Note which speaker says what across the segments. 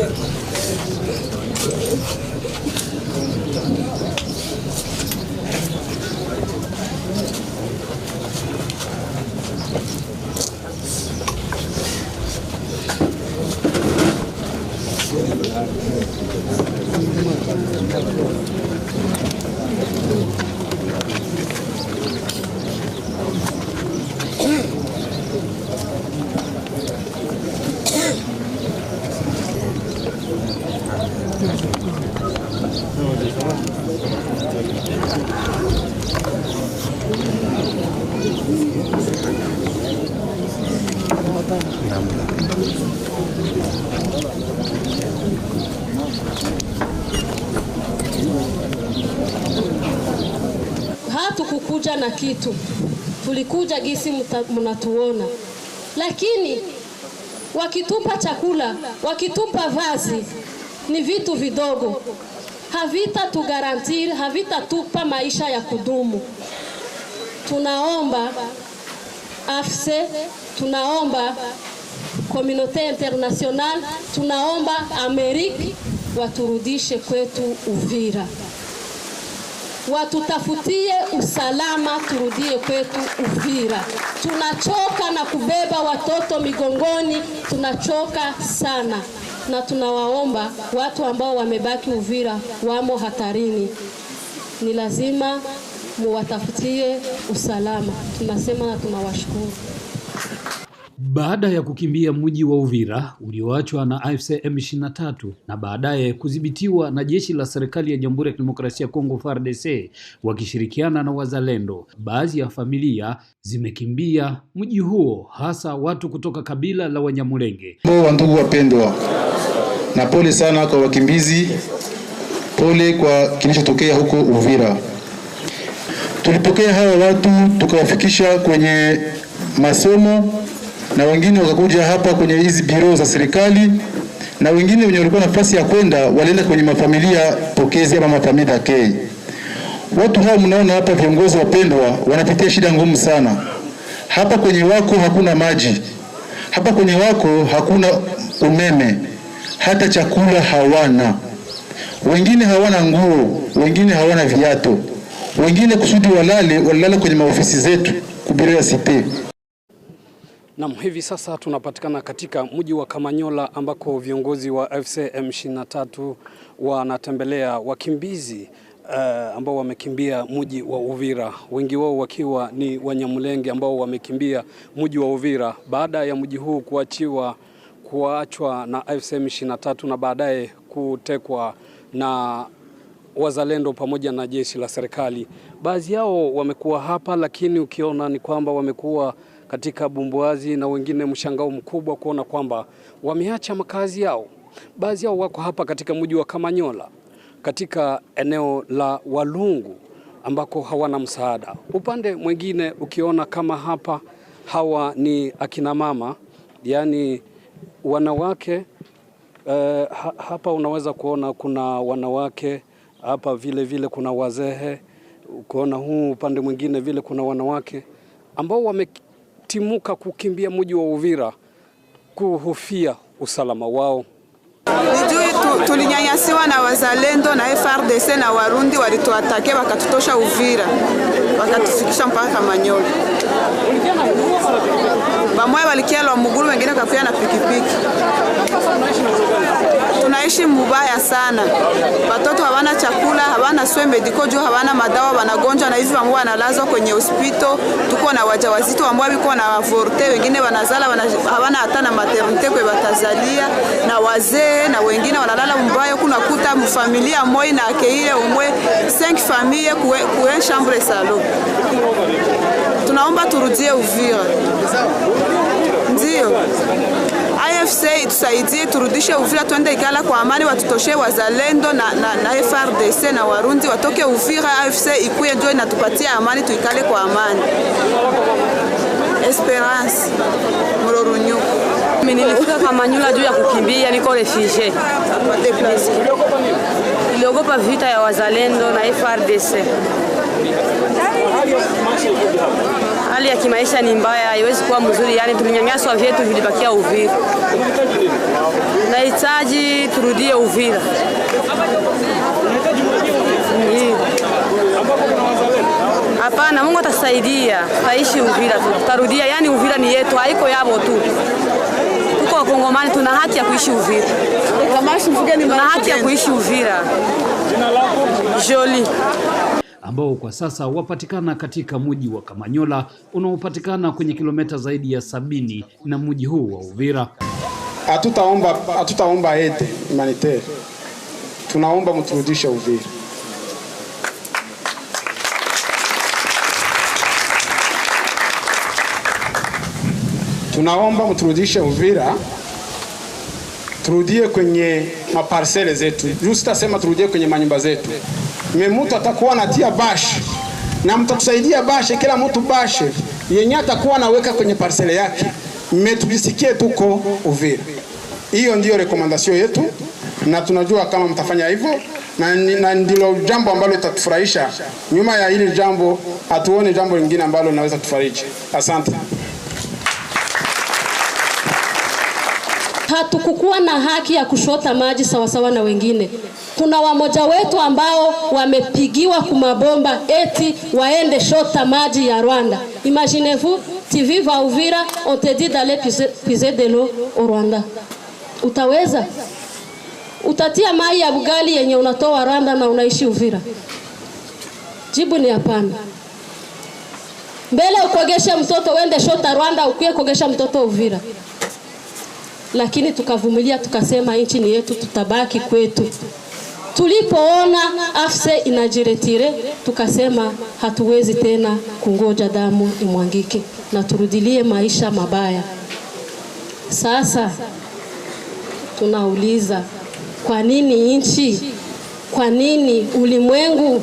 Speaker 1: Gracias. Hatukukuja na kitu, tulikuja gisi mnatuona, lakini wakitupa chakula, wakitupa vazi, ni vitu vidogo havitatugarantiri havitatupa maisha ya kudumu. Tunaomba AFSE, tunaomba komunote international, tunaomba Amerika waturudishe kwetu Uvira, watutafutie usalama, turudie kwetu Uvira. Tunachoka na kubeba watoto migongoni, tunachoka sana na tunawaomba watu ambao wamebaki Uvira wamo hatarini, ni lazima muwatafutie usalama. Tunasema na tunawashukuru.
Speaker 2: Baada ya kukimbia mji wa Uvira ulioachwa na AFC M23 na baadaye kudhibitiwa na jeshi la serikali ya Jamhuri ya Kidemokrasia ya Kongo FARDC wakishirikiana na wazalendo, baadhi ya familia zimekimbia mji huo, hasa watu kutoka kabila la Wanyamulenge.
Speaker 3: Wa ndugu wapendwa, na pole sana kwa wakimbizi, pole kwa kilichotokea huko Uvira. Tulipokea hawa watu tukawafikisha kwenye masomo na wengine wakakuja hapa kwenye hizi biro za serikali, na wengine wenye walikuwa nafasi ya kwenda walienda kwenye mafamilia pokezi ama mafamilia K. Watu hao mnaona hapa, viongozi wapendwa, wanapitia shida ngumu sana hapa. Kwenye wako hakuna maji, hapa kwenye wako hakuna umeme, hata chakula hawana, wengine hawana nguo, wengine hawana viatu, wengine kusudi walale walala kwenye maofisi zetu kubirela site
Speaker 4: Nam, hivi sasa tunapatikana katika mji wa Kamanyola ambako viongozi wa AFC M23 wanatembelea wakimbizi uh, ambao wamekimbia mji wa Uvira, wengi wao wakiwa ni Wanyamulenge ambao wamekimbia mji wa Uvira baada ya mji huu kuachiwa kuachwa na AFC M23 na baadaye kutekwa na wazalendo pamoja na jeshi la serikali. Baadhi yao wamekuwa hapa, lakini ukiona ni kwamba wamekuwa katika Bumbuazi na wengine mshangao mkubwa kuona kwamba wameacha makazi yao. Baadhi yao wako hapa katika mji wa Kamanyola katika eneo la Walungu ambako hawana msaada. Upande mwingine ukiona kama hapa, hawa ni akina mama, yaani wanawake eh, hapa unaweza kuona kuna wanawake hapa, vile vile kuna wazee, ukiona huu upande mwingine vile kuna wanawake ambao wame kutimuka kukimbia mji wa Uvira kuhofia usalama wao.
Speaker 1: Sijui tulinyanyasiwa na wazalendo na FRDC na Warundi walituatake, wakatutosha Uvira wakatufikisha mpaka Manyoli. Bamoya walikialwa muguru, wengine kafia na pikipiki tunaishi mubaya sana, watoto hawana chakula, hawana swe mediko juu hawana madawa, wanagonjwa na hivi ambao wanalazwa kwenye hospitali. Tuko na wajawazito ambao wiko na avorte, wengine wanazala wana, hawana hata na maternite kwe watazalia, na wazee na wengine wanalala mubaya. Kuna kuta mfamilia moja na akeile umwe 5 famille kuwe chambre salo. Tunaomba turudie Uvira, ndio AFC itusaidie, turudishe Uvira, twende Igala kwa amani, watutoshe wazalendo na, na, na FRDC na Warundi watoke Uvira. AFC ikuye ndio inatupatia amani, tuikale kwa amani. Esperance Mororunyu
Speaker 5: Mimi nilifika Kamanyola juu ya kukimbia, niko refugee. Niliogopa vita ya wazalendo na FRDC hali ya kimaisha ni mbaya, haiwezi kuwa mzuri. Yani tulinyanyaswa, vyetu vilibakia Uvira. Nahitaji turudie Uvira. Hapana, Mungu atasaidia, taishi Uvira tu, tutarudia. Yani Uvira ni yetu, haiko yabo tu. Tuko Wakongomani, tuna haki ya kuishi Uvira, tuna haki ya kuishi Uvira. Joli
Speaker 2: ambao kwa sasa wapatikana katika mji wa Kamanyola unaopatikana kwenye kilomita zaidi ya sabini na mji huu wa Uvira.
Speaker 3: Hatutaomba hatutaomba ete humanitaire, tunaomba mturudishe Uvira. Tunaomba mturudishe Uvira turudie kwenye maparsele zetu. Juu sitasema turudie kwenye manyumba zetu. Me mtu atakuwa anatia bashe na mtatusaidia bashe, kila mtu bashe yenye atakuwa anaweka kwenye parsele yake. Mmetujisikie tuko Uvira. Hiyo ndiyo rekomandasio yetu, na tunajua kama mtafanya hivyo na, na ndilo jambo ambalo litatufurahisha. Nyuma ya hili jambo hatuone jambo lingine ambalo linaweza tufariji. Asante.
Speaker 1: hatukukuwa na haki ya kushota maji sawasawa na wengine. Kuna wamoja wetu ambao wamepigiwa kumabomba eti waende shota maji ya Rwanda. Imaginez-vous, TV va Uvira, on te dit d'aller puiser de l'eau au Rwanda. Utaweza? Utatia mai ya bugali yenye unatoa Rwanda na unaishi Uvira? Jibu ni hapana. Mbele ukogeshe mtoto uende shota Rwanda, ukuye kogesha mtoto Uvira lakini tukavumilia, tukasema nchi ni yetu, tutabaki kwetu. Tulipoona afse inajiretire, tukasema hatuwezi tena kungoja damu imwangike na turudilie maisha mabaya. Sasa tunauliza kwa nini nchi, kwa nini ulimwengu,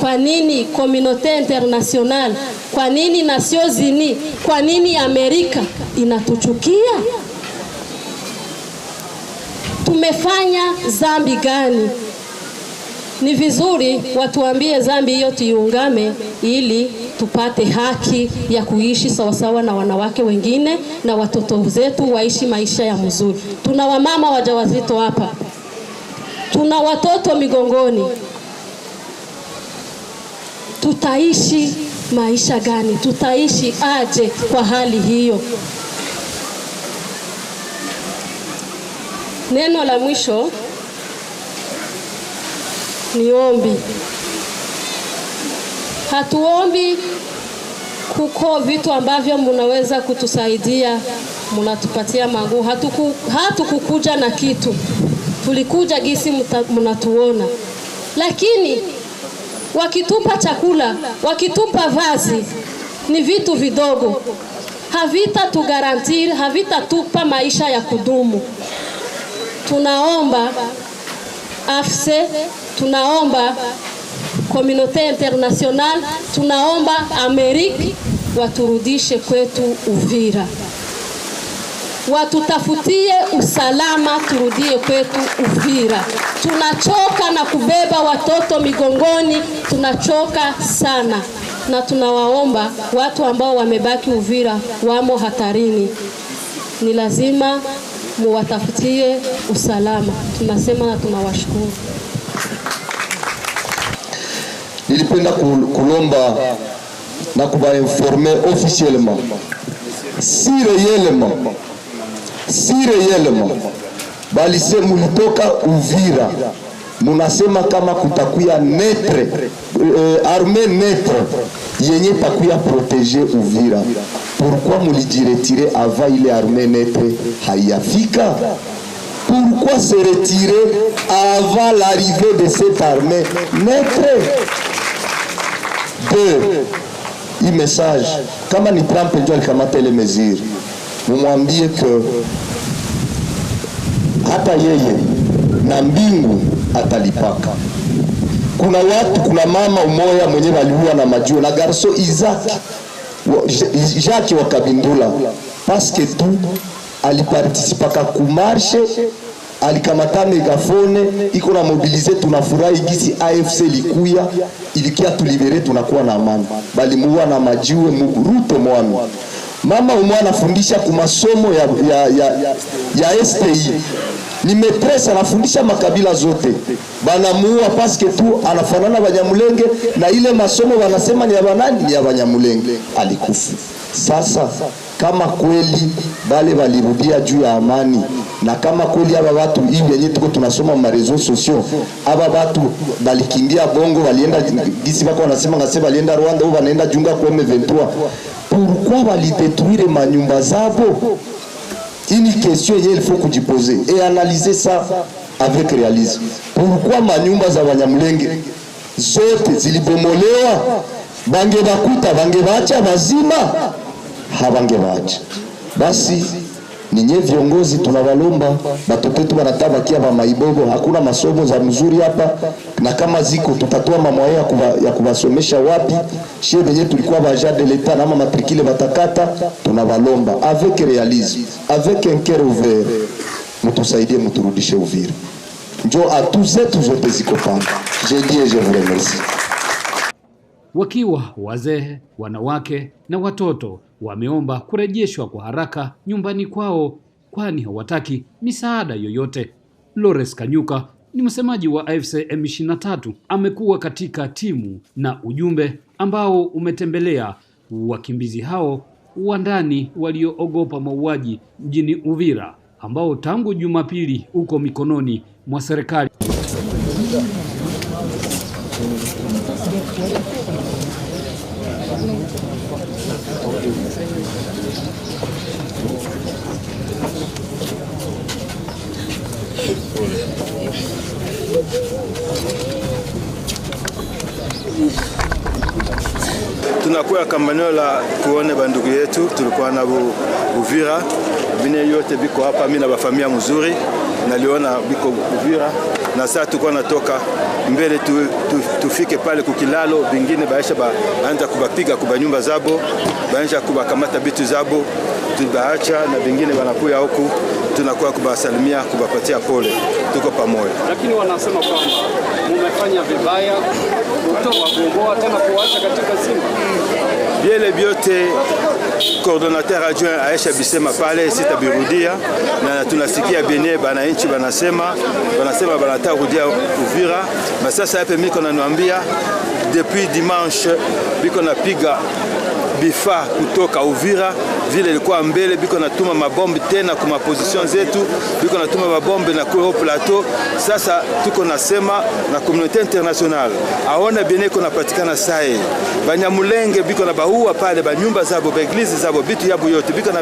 Speaker 1: kwa nini komunote international, kwa nini Nations Unies, kwa nini Amerika inatuchukia? tumefanya dhambi gani? Ni vizuri watuambie dhambi hiyo tuiungame, ili tupate haki ya kuishi sawasawa na wanawake wengine na watoto zetu waishi maisha ya mzuri. Tuna wamama wajawazito hapa, tuna watoto migongoni, tutaishi maisha gani? Tutaishi aje kwa hali hiyo? Neno la mwisho ni ombi. Hatuombi kuko vitu ambavyo mnaweza kutusaidia, mnatupatia manguo. Hatuku, hatukukuja na kitu, tulikuja gisi mnatuona, lakini wakitupa chakula, wakitupa vazi, ni vitu vidogo, havita havitatupa maisha ya kudumu tunaomba AFSE, tunaomba komunote international tunaomba Amerika waturudishe kwetu Uvira, watutafutie usalama, turudie kwetu Uvira. Tunachoka na kubeba watoto migongoni, tunachoka sana, na tunawaomba watu ambao wamebaki Uvira, wamo hatarini, ni lazima muwatafutie usalama. Tunasema na tunawashukuru.
Speaker 6: Nilipenda kulomba na kuwainforme officiellement si réellement si réellement balise mulitoka Uvira munasema kama kutakuya netre eh, arme netre yenye takuya proteger Uvira Pourquoi mulijiretire avant ile armée n'être haïafika Pourquoi se retirer avant l'arrivée de cette armée naître Deux, Un message kama ni Trump ndio alikamata Vous meziri, mumwambie que. hata yeye na mbingu atalipaka. Kuna watu, kuna mama umoya mwenye waliua na majuo na garso Isaac. Jacques Wakabindula paske tu alipartisipaka kumarshe, alikamata megafone iko na mobilize. Tunafurahi gisi AFC likuya ilikia tulibere, tunakuwa na amani. balimuwa na majiwe muguruto mwanu mama umwe anafundisha kumasomo ya, ya, ya, ya STI ni metrese anafundisha makabila zote, banamuua paske tu anafanana Banyamulenge, na ile masomo wanasema ni ya banani, ni ya Banyamulenge. Alikufa. Sasa kama kweli bale walirudia juu ya amani, na kama kweli aba batu hivi yenye tuko tunasoma ma reseau sociaux, aba batu balikimbia Bongo, balienda gisi bako wanasema ngase balienda Rwanda au banaenda junga kwa M23, pourquoi walidetruire manyumba zabo? Une question yenye il faut kujiposer et analyser ça avec réalisme. Pourquoi manyumba za Wanyamulenge zote zilibomolewa? Bangebakuta bangebacha, wazima habangebacha. Basi ninye viongozi tunavalomba batotetu wetu banatabakia ba maibogo, hakuna masomo za mzuri hapa, na kama ziko tutatoa mamwaye ya kubasomesha wapi? Shie venye tulikuwa baja de leta na mama matrikile batakata, tunavalomba avec realisme avec un cœur ouvert, mutusaidie muturudishe Uvira, njo atu zetu zote ziko panga. Je je vous remercie.
Speaker 2: Wakiwa wazee, wanawake na watoto wameomba kurejeshwa kwa haraka nyumbani kwao kwani hawataki misaada yoyote. lores Kanyuka ni msemaji wa AFC M23, amekuwa katika timu na ujumbe ambao umetembelea wakimbizi hao wa ndani walioogopa mauaji mjini Uvira ambao tangu Jumapili uko mikononi mwa serikali
Speaker 7: tunakuya kambanio la kuone bandugu yetu tulikuwa na Uvira, vine yote biko hapa, mimi na bafamia mzuri naliona biko Uvira na saa tulikuwa natoka mbele tu, tu, tufike pale kukilalo vingine baisha baanza kubapiga kubanyumba zabo baisha kubakamata bitu zabo tubaacha na vingine banakuya huku tunakuwa kubasalimia kubapatia pole, tuko pamoja.
Speaker 8: Lakini wanasema kwamba mumefanya vibaya kutoa kuongoa tena kuacha katika Simba.
Speaker 7: Vyele vyote coordonnateur adjoint Aisha Bisema pale sita birudia na tunasikia benye bananchi banasema banasema banataka kudia Uvira, masasa sasa hapa miko naniambia depuis dimanche biko napiga bifa kutoka Uvira vile ilikuwa mbele, biko natuma mabombe tena kwa position zetu, biko natuma mabombe na kule plateau. Sasa tuko nasema na community international aona iko napatikana sai Banyamulenge biko na baua pale banyumba zabo baeglize zabo bitu yabo yote biko na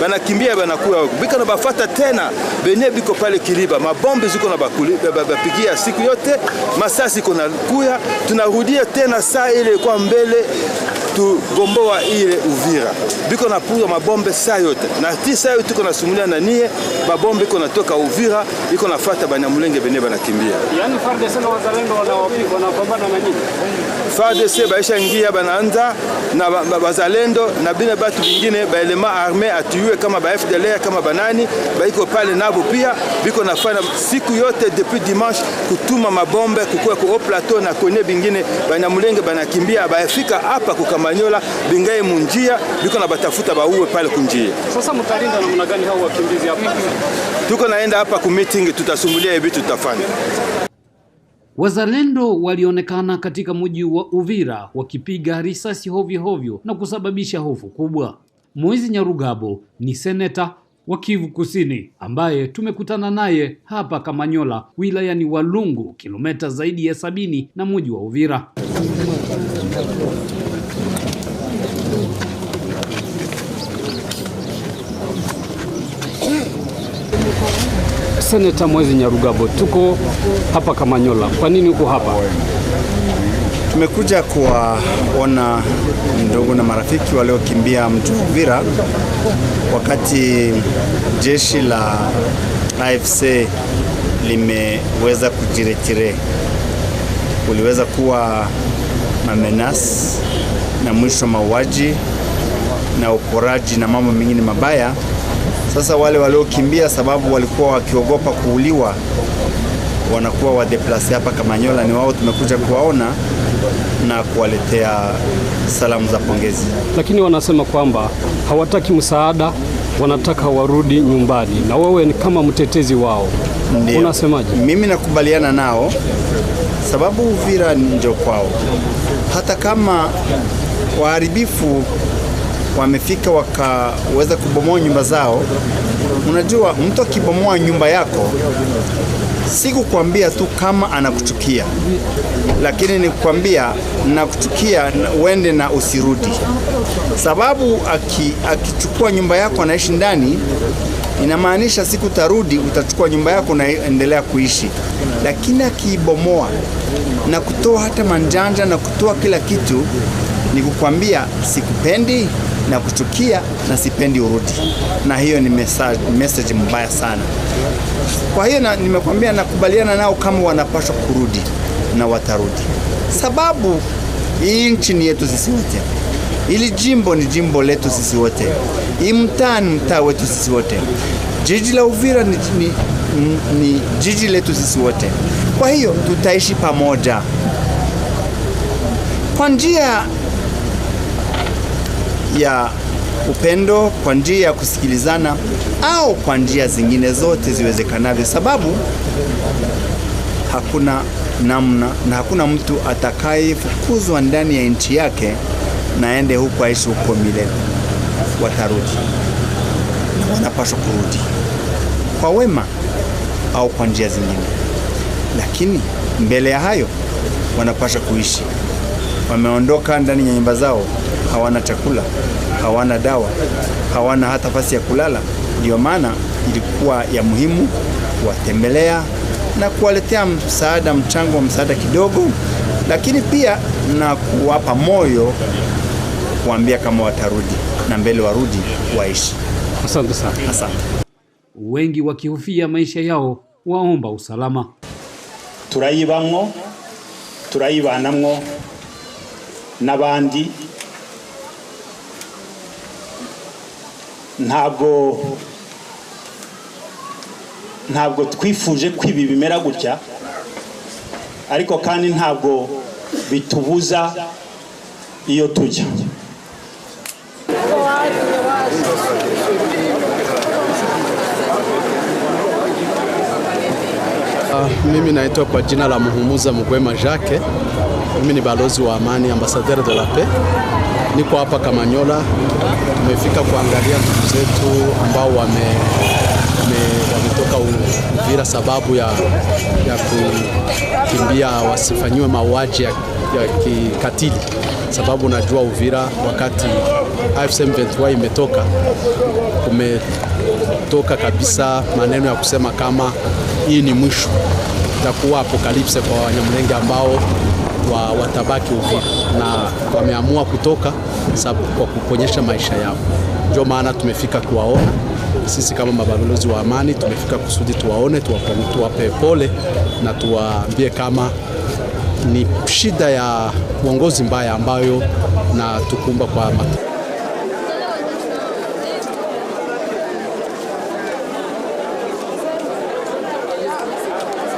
Speaker 7: bana kimbia bana kuya biko na bafata tena benye biko pale Kiliba mabombe ziko na bakuli bapigia siku yote masasi kuna kuya tunarudia tena saa ile kwa mbele tugomboa ile Uvira, biko na purwa mabombe saa yote na ti saa yote iko nasumulia na nie mabombe iko natoka Uvira, iko nafata Banyamulenge bene banakimbia.
Speaker 8: Yani FARDC na wazalendo wanawapiga wanapambana na nyinyi.
Speaker 7: FARDC baisha ingia banaanza na wazalendo na bina batu bingine baelema arme atuiwe kama ba FDLR kama banani baiko pale nabo pia viko nafanya siku yote depuis dimanche kutuma mabombe kukua ku plateau na kone bingine bana mulenge banakimbia bayafika hapa kukamanyola bingai munjia biko na batafuta bauwe pale kunjia.
Speaker 8: Sasa mtalinda namna gani hao wakimbizi hapa?
Speaker 7: Tuko naenda hapa ku meeting, tutasumulia hivi tutafanya.
Speaker 2: Wazalendo walionekana katika mji wa Uvira wakipiga risasi hovyo hovyo na kusababisha hofu kubwa. Moizi Nyarugabo ni seneta wa Kivu Kusini ambaye tumekutana naye hapa Kamanyola wilayani Walungu, kilomita zaidi ya sabini na mji wa Uvira.
Speaker 9: Seneta Mwezi Nyarugabo, tuko hapa Kamanyola. Kwa nini uko hapa? Tumekuja kuwaona ndugu na marafiki waliokimbia mtu wa Uvira wakati jeshi la AFC limeweza kujiretire. Kuliweza kuwa mamenas na mwisho mauaji na uporaji na mambo mengine mabaya. Sasa wale waliokimbia, sababu walikuwa wakiogopa kuuliwa wanakuwa wadeplase hapa Kamanyola, ni wao tumekuja kuwaona na kuwaletea salamu za pongezi.
Speaker 10: Lakini wanasema kwamba hawataki msaada, wanataka warudi nyumbani, na wewe ni kama mtetezi wao, unasemaje?
Speaker 9: Mimi nakubaliana nao sababu Uvira ndio kwao, hata kama waharibifu wamefika wakaweza kubomoa nyumba zao. Unajua, mtu akibomoa nyumba yako sikukwambia tu kama anakuchukia, lakini nikukwambia nakuchukia, uende na usirudi, sababu aki, akichukua nyumba yako anaishi ndani inamaanisha siku tarudi, utachukua nyumba yako unaendelea kuishi. Lakini akiibomoa na kutoa hata manjanja na kutoa kila kitu, ni kukwambia sikupendi na kuchukia na sipendi urudi, na hiyo ni message, message mbaya sana. Kwa hiyo nimekwambia nakubaliana nao kama wanapaswa kurudi na watarudi, sababu hii nchi ni yetu sisi wote, ili jimbo ni jimbo letu sisi wote, hii mtaa ni mtaa wetu sisi wote, jiji la Uvira ni, ni, ni jiji letu sisi wote. Kwa hiyo tutaishi pamoja kwa njia ya upendo, kwa njia ya kusikilizana, au kwa njia zingine zote ziwezekanavyo, sababu hakuna namna na hakuna mtu atakayefukuzwa ndani ya nchi yake na aende huko aishi huko milele. Watarudi na wanapaswa kurudi kwa wema au kwa njia zingine, lakini mbele ya hayo wanapaswa kuishi. Wameondoka ndani ya nyumba zao, hawana chakula, hawana dawa, hawana hata fasi ya kulala ndio maana ilikuwa ya muhimu kuwatembelea na kuwaletea msaada, mchango wa msaada kidogo, lakini pia na kuwapa moyo, kuambia kama watarudi na mbele warudi waishi.
Speaker 10: Asante sana. Asante.
Speaker 2: Wengi wakihofia maisha yao waomba usalama.
Speaker 11: turayibamwo turayibanamwo n'abandi ntabwo ntabwo twifuje ko ibi bimera gutya ariko kandi ntabwo bitubuza iyo tujya
Speaker 12: ah, Mimi naitwa kwa jina la Muhumuza Mugwema Jacques. Mimi ni balozi wa amani, ambassadeur de la paix. Niko hapa Kamanyola, tumefika kuangalia ndugu zetu ambao wame wametoka Uvira sababu ya, ya kukimbia wasifanyiwe mauaji ya, ya kikatili, sababu najua Uvira wakati AFC M23 imetoka kumetoka kabisa maneno ya kusema kama hii ni mwisho, itakuwa apokalipse kwa Wanyamulenge ambao wa, watabaki Uvira na wameamua kutoka sababu kwa kuponyesha maisha yao. Ndio maana tumefika kuwaona sisi kama mabalozi wa amani tumefika kusudi tuwaone, tuwape pole na tuwaambie kama ni shida ya uongozi mbaya ambayo na tukumba kwa matu.